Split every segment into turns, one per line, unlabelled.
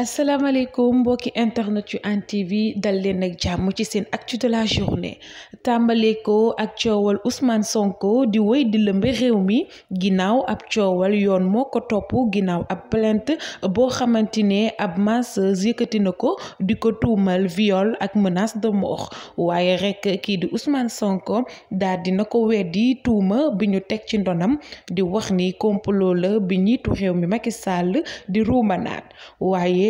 asalaamaaleykum mbokki internet yu Hann TV dal leen ak jàmm ci seen actu de la journée tàmbale ko ak coowal Ousmane Sonko di woy di lëmbe réew mi ginnaaw ab coowal yoon moo ko topp ginnaaw ab plainte boo xamante ne ab masseuse yëkkati na ko di ko tuumal viol ak menace de mort waaye rekk kii di Ousmane Sonko daal dina ko weddi tuuma bi ñu teg ci ndonam di wax ni complot la bi njiitu réew mi Macky sàll di ruumanaat waaye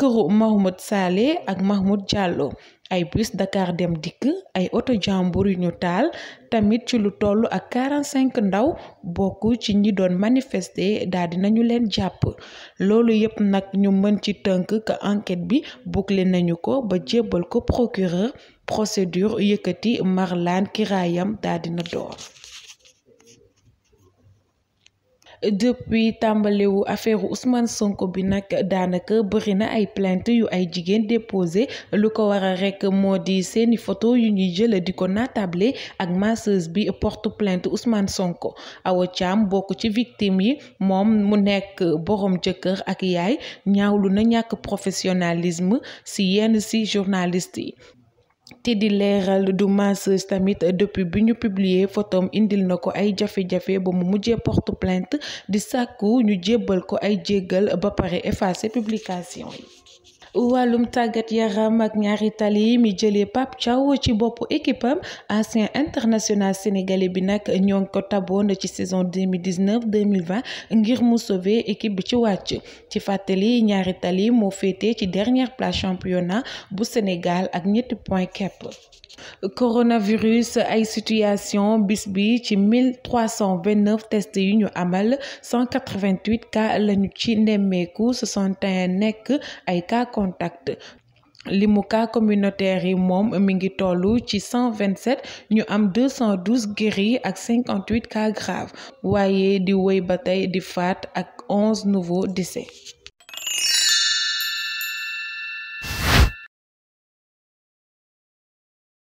këru Mahmoud Saleh ak Mahmoud Diallo ay bus Dakar dem dikk ay oto jàmbur yu ñu taal tamit ci lu toll ak 45 ndaw bokk ci ñi doon manifester daal di nañu leen jàpp loolu yëpp nag ñu mën ci tënk que enquête bi bouclé nañu ko ba jébbal ko procureur procédure yëkkati Marlan kiraayam daal dina door. depuis tàmbalewu affaire Ousmane Sonko bi nag daanaka bëri na ay plainte yu ay jigéen déposé lu ko waral rek moo di seeni photo yu ñuy jël di ko naatable ak masseuse bi porte plainte Ousmane Sonko Awa Thiam bokk ci victime yi moom mu nekk borom jëkkër ak yaay ñaawlu na ñàkk professionnalisme si yenn si journaliste yi te di leeral du masseuse tamit depuis bi ñu publié photom indil na ay jafe-jafe ba mu porte plainte di sàkku ñu ko ay jéggal ba effacer publication ou tagat yaram ak ñaari tali mi ou pap Thiaw ci équipe am ancien international sénégalais bi nak ñong de ko ci saison 2019 2020 ngir mu sauver équipe bi ci wacc ci fàttali ñaari ci dernière place championnat bu Sénégal ak point cap coronavirus ay situation bis bi ci 1329 tests yu ñu amal 188 cas lañu ci 61 nek ay cas contact limu cas communautaire yi mi 127 nous am 212 guéris ak 58 cas graves wayé di batay di 11 nouveaux décès